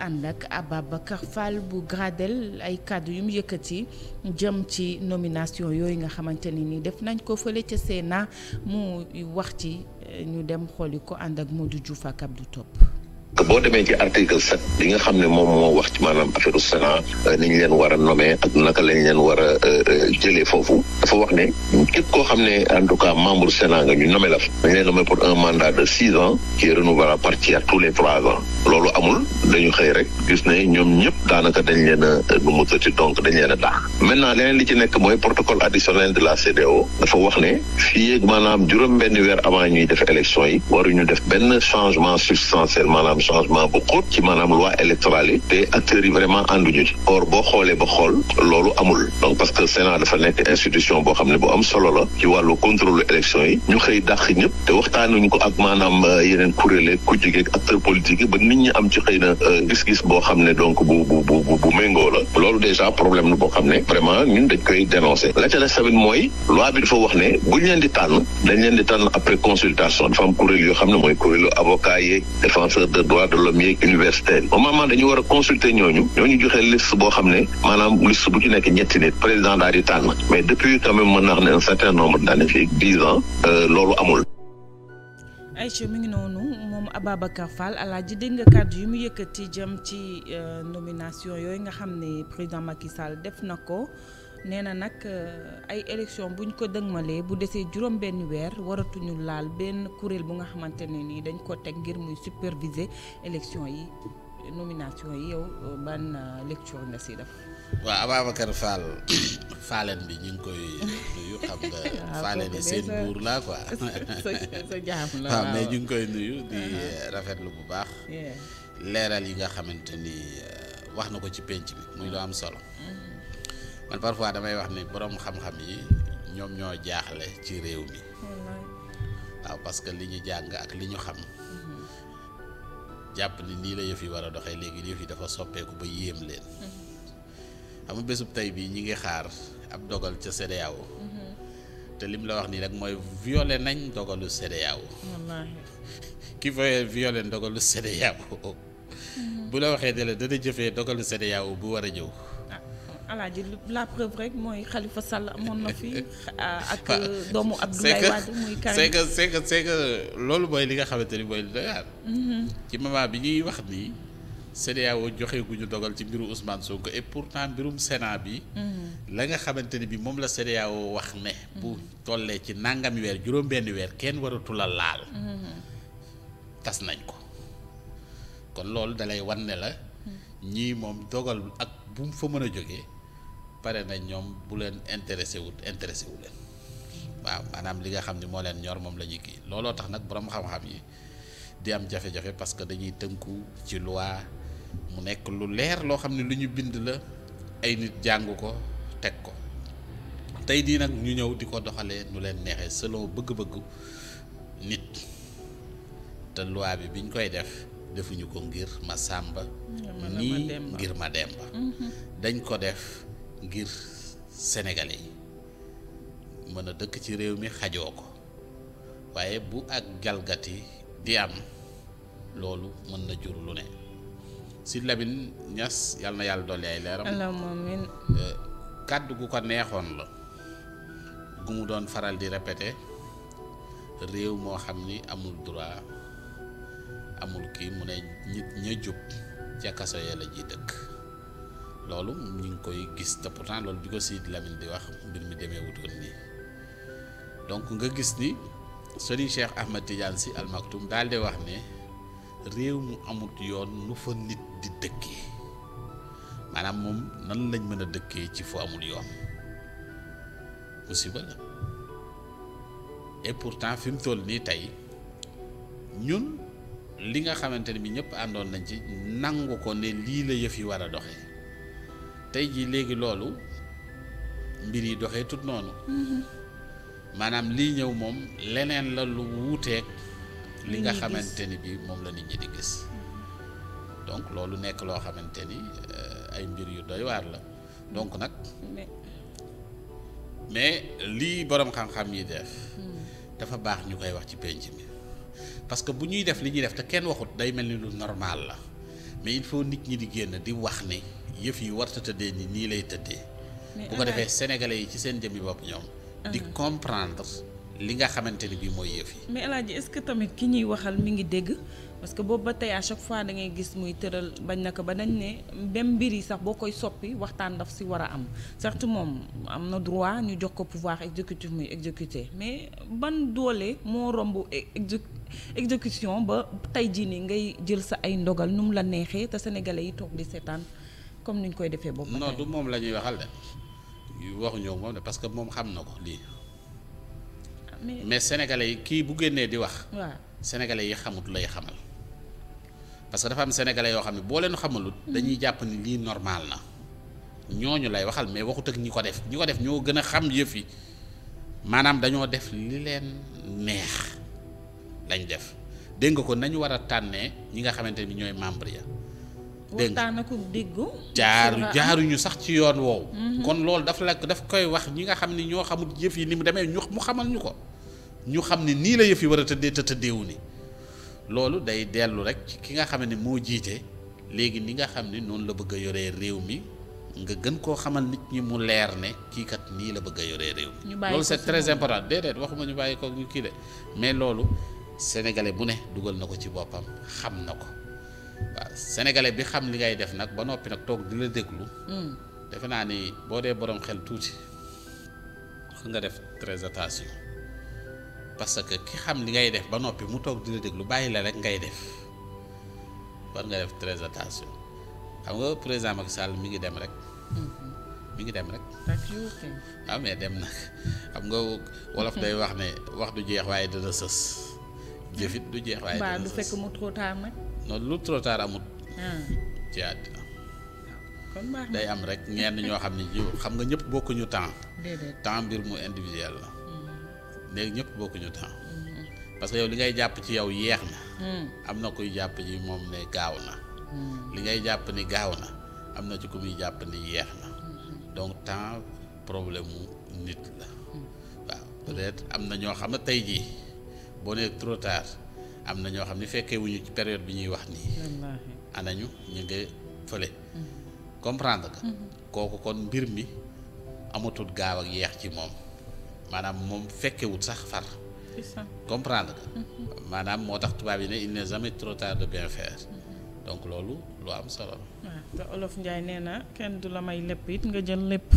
ànd ak Ababacar Fall bu Gradel ay kàddu yu mu yëkkati jëm ci nomination yooyu nga xamante ni nii def nañ ko fële ca Sénat mu wax ci eh, ñu dem xooli ko ànd ak Modou Diouf du Abdou Top. boo demee ci article sept li nga xam ne moom moo wax ci maanaam affaire Sénat euh, ni leen war a nommer ak naka lañ leen war a euh, euh, jëlee foofu dafa wax ne képp koo xam ne en tout cas membre Sénat nga ñu nommer la fa dañ leen nommer pour un mandat de six ans ci est renouvelable à tous les trois ans loolu amul. dañu xëy rek gis ne ñoom ñëpp daanaka dañ leen a nu mu tëti donc maintenant leneen li ci nekk mooy protocole additionnel de la CEDEAO dafa wax ne fi ak maanaam juróom benn weer avant ñuy def élection yi waruñu def benn changement substantiel maanaam changement bu xóot ci maanaam loi électorale yi te acteurs yi vraiment ñu ci or boo xoolee ba xool loolu amul donc parce que Sénat dafa nekk institution boo xam ne bu am solo la ci wàllu contrôle élection yi ñu xëy dàq ñëpp te waxtaanuñ ko ak maanaam euh, yeneen kuréel ku jigéeg acteur politique yi ba nit ñi am ci xëy na Euh, gis-gis boo xam ne donc bu bu bu bu la loolu déjà problème la boo xam ne vraiment ñun dañ koy dénoncer la ca des tamit mooy loi bi dafa wax ne buñ leen di tànn dañ leen di tànn après consultation dafa am kuréel yoo xam ne mooy kuréelu avocat yeeg défenseur de droits de l'homme yeeg universitaire au moment dañu war a consulter ñooñu ñooñu joxe liste boo xam ne maanaam liste bu ci nekk ñetti nit président daal di tànn mais depuis quand même mën naa ne un certain Aïcha mi ngi noonu moom Ababacar Fall alaaji dégg nga kàddu yu mu yëkkati jëm ci euh, nomination yooyu nga xam ne président Macky Sall def na ko nee na nag euh, ay élection buñ ko dëgmalee bu desee juróom benn weer waratuñu laal benn kuréel bu nga xamante ne nii dañ ko teg ngir muy superviser élection yi nomination yi yow euh, ban lecture nga si def waaw Ababacar Fall Falen bi ñu ngi koy nuyu xam nga. Ah, Falen yi seen buur laa ko waaw mais ñu ngi koy nuyu di ah, ah. rafetlu bu baax. leeral yi nga xamante nii euh, wax na ko ci penc bi muy lu am solo. Mm-hmm. man parfois damay wax ni boroom xam-xam yi ñoom ñoo jaaxle ci réew mi. waaw parce que li ñu jàng ak li ñu xam. Mm-hmm. jàpp ni nii la yëf yi war a doxee léegi yëf yi dafa soppeeku ba yéem leen. Mm-hmm. xam nga bésub tey bii ñu ngi xaar ab dogal ca CEDEAO mm-hmm. te lim la wax nii rek mooy violé nañ dogalu CEDEAO wallaahi ki fay violé dogalu CEDEAO mm-hmm. bu la waxee de la dana jëfee dogalu CEDEAO bu war a ñëw ah, alaaji la preuve rek mooy Khalifa Sall amoon na fi ah, ak doomu Abdoulaye Wade muy Karim c'est que c'est que c'est loolu mooy li nga xamante ni mooy li mm-hmm. bi ñuy wax nii CEDEAO joxe gu ñu dogal ci mbiru Ousmane Sonko et pourtant mbirum Sénat bi. Mhm. la nga xamante ne bi moom la CEDEAO wax ne. bu mhm. tollee ci nangam weer juróom-benni weer kenn waratu la laal. Mhm. tas nañ ko kon loolu dalay wan ne la. ñii moom dogal ak bu fa mën a jógee pare nañ ñoom bu leen intéressé wut intéressé wu leen waaw maanaam li nga xam ne moo leen ñor moom la ñuy kii looloo tax nag boroomu xam-xam yi di am jafe-jafe parce que dañuy tënku ci loi. mu nekk lu leer loo xam ne lu ñu bind la ay nit jàng ko teg ko tey dii nag ñu ñëw di ko doxalee nu leen neexee selon bëgg-bëggu nit te loi bi biñ koy def defuñu ko ngir ma sàmba nii ngir ma demba mhm. dañ ko def ngir sénégalais yi mën a dëkk ci réew mi xajoo ko waaye bu ak galgati di am loolu mën na jur lu ne si Lamine ñas yàlla na yàlla dolli ay leeram. alaamaaleykum. kàddu gu ko neexoon la gu mu doon faral di repete réew moo xam ni amul droit amul kii mu ne nit ña jub ca kaso ya la ji dëkk loolu ñu ngi koy gis te pourtant loolu bi ko siit Lamine di wax mbir mi demee wutoon nii donc nga gis ni Serigne Cheikh Ahmed Tidiane Sy Al Maktoum daal wax ne. réew mu amut yoon nu fa nit di dëkkee maanaam moom nan lañ mën a dëkkee ci fu amul yoon musiba la et pourtant fim mu toll nii tey ñun li nga xamante ne bi ñëpp àndoon nañ ci nangu ko ne lii la yëf yi war a doxe tey jii léegi loolu mbir yi doxee tut noonu mm-hmm. maanaam lii ñëw moom leneen la lu wuuteeg li nga xamante ni bi moom la nit ñi di gis donc loolu nekk loo xamante ni euh, ay mbir yu doy waar la donc nag mais lii boroom xam-xam yi def hmm. dafa baax ñu koy wax ci pénc mi parce que bu ñuy def li ñuy def te kenn waxut day mel ni lu normal la mais il faut nit ñi di génn di wax ni yëf yi warta tëddee ni nii lay tëddee bu ko defee sénégalais yi ci seen jëmmi bopp ñoom di comprendre li nga xamante ni bii mooy yëf yi. mais El est-ce que tamit ki ñuy waxal mi ngi dégg parce que boobu ba tey à chaque fois dangay ngay gis muy tëral bañ na ko ba dañ ne même mbir yi sax boo koy soppi waxtaan daf si war a am certes moom am na droit ñu jox ko pouvoir exécutif muy exécuter mais ban doole moo romb exé exécution ba tey jii nii ngay jël sa ay ndogal nu mu la neexee te sénégalais yi toog di seetaan comme ni ñu koy defee. boobu ba non du moom la ñuy waxal de waxuñoo parce que moom xam na ko lii. mais sénégalais yi kii bu génnee di wax. waaw sénégalais yi xamut lay xamal. parce que dafa am sénégalais yoo xam ne boo leen xamalut. Hmm. dañuy jàpp ni lii normal na. ñoo ñu lay waxal mais waxut ak ñi ko def ñi ko def ñoo gën a xam yëfi maanaam dañoo def li leen neex lañ def dégg nga ko nañu war a tànnee ñi nga xamante ni ñooy membre ya dégg nga jaaru jaaruñu sax ci yoon woow mhm. kon loolu daf la daf koy wax ñi nga xam ni ñoo xamul yëf yi ni mu demee ñu mu xamal ñu ko. ñu xam ne nii la yëf yi war a tëddee te tëddeewu ni loolu day dellu rek ci ki nga xam ne moo jiite léegi ni nga xam ne noonu la bëgg a yoree réew mi nga gën koo xamal nit ñi mu leer ne kii kat nii la bëgg a yoree réew mi. loolu c'est très important déedéet waxuma ñu bàyyi ko ñu kii de mais loolu sénégalais bu ne dugal na ko ci boppam xam na ko waaw sénégalais bi xam li ngay def nag ba noppi nag toog di la déglu. Hmm. defe naa ni boo dee borom xel tuuti nga def très attention. parce que ki xam li ngay def ba noppi mu toog dina déglu bàyyi la rek ngay def war nga def très attention xam nga présent Macky Sall mi ngi dem rek. Mm-hmm. mi ngi dem rek. amee ah, dem nag xam nga wolof day wax ne wax du jeex waaye dana sës jëfit du jeex waaye dana sës. du fekk mu lu trop tard amut. Ah. ci day am rek ñenn ñoo xam ne jiw xam nga ñëpp bokkuñu temps. temps mbir mu individuel la. léegi ñëpp bokkuñu temps parce que yow li ngay jàpp ci yow yeex na hmm. am na kuy jàpp ji moom ne gaaw na hmm. li ngay jàpp ni gaaw na am na ci ku muy jàpp ni yeex na hmm. donc temps problème mu nit la waaw peut-être am na ñoo xam ne tey jii boo nee trop am na ñoo xam ne fekkee wuñu ci période bi ñuy wax nii anañu ñu nga fële comprendre kooku kon mbir mi amatul gaaw ak yeex ci moom maanaam moom fekkewut sax far comprendre nga mm-hmm. maanaam moo tax tubaab yi ne il n'est jamais trop tard de bien faire mm-hmm. donc loolu lu am solo. waaw te olof Njaay nee kenn du la may lépp it nga jël lépp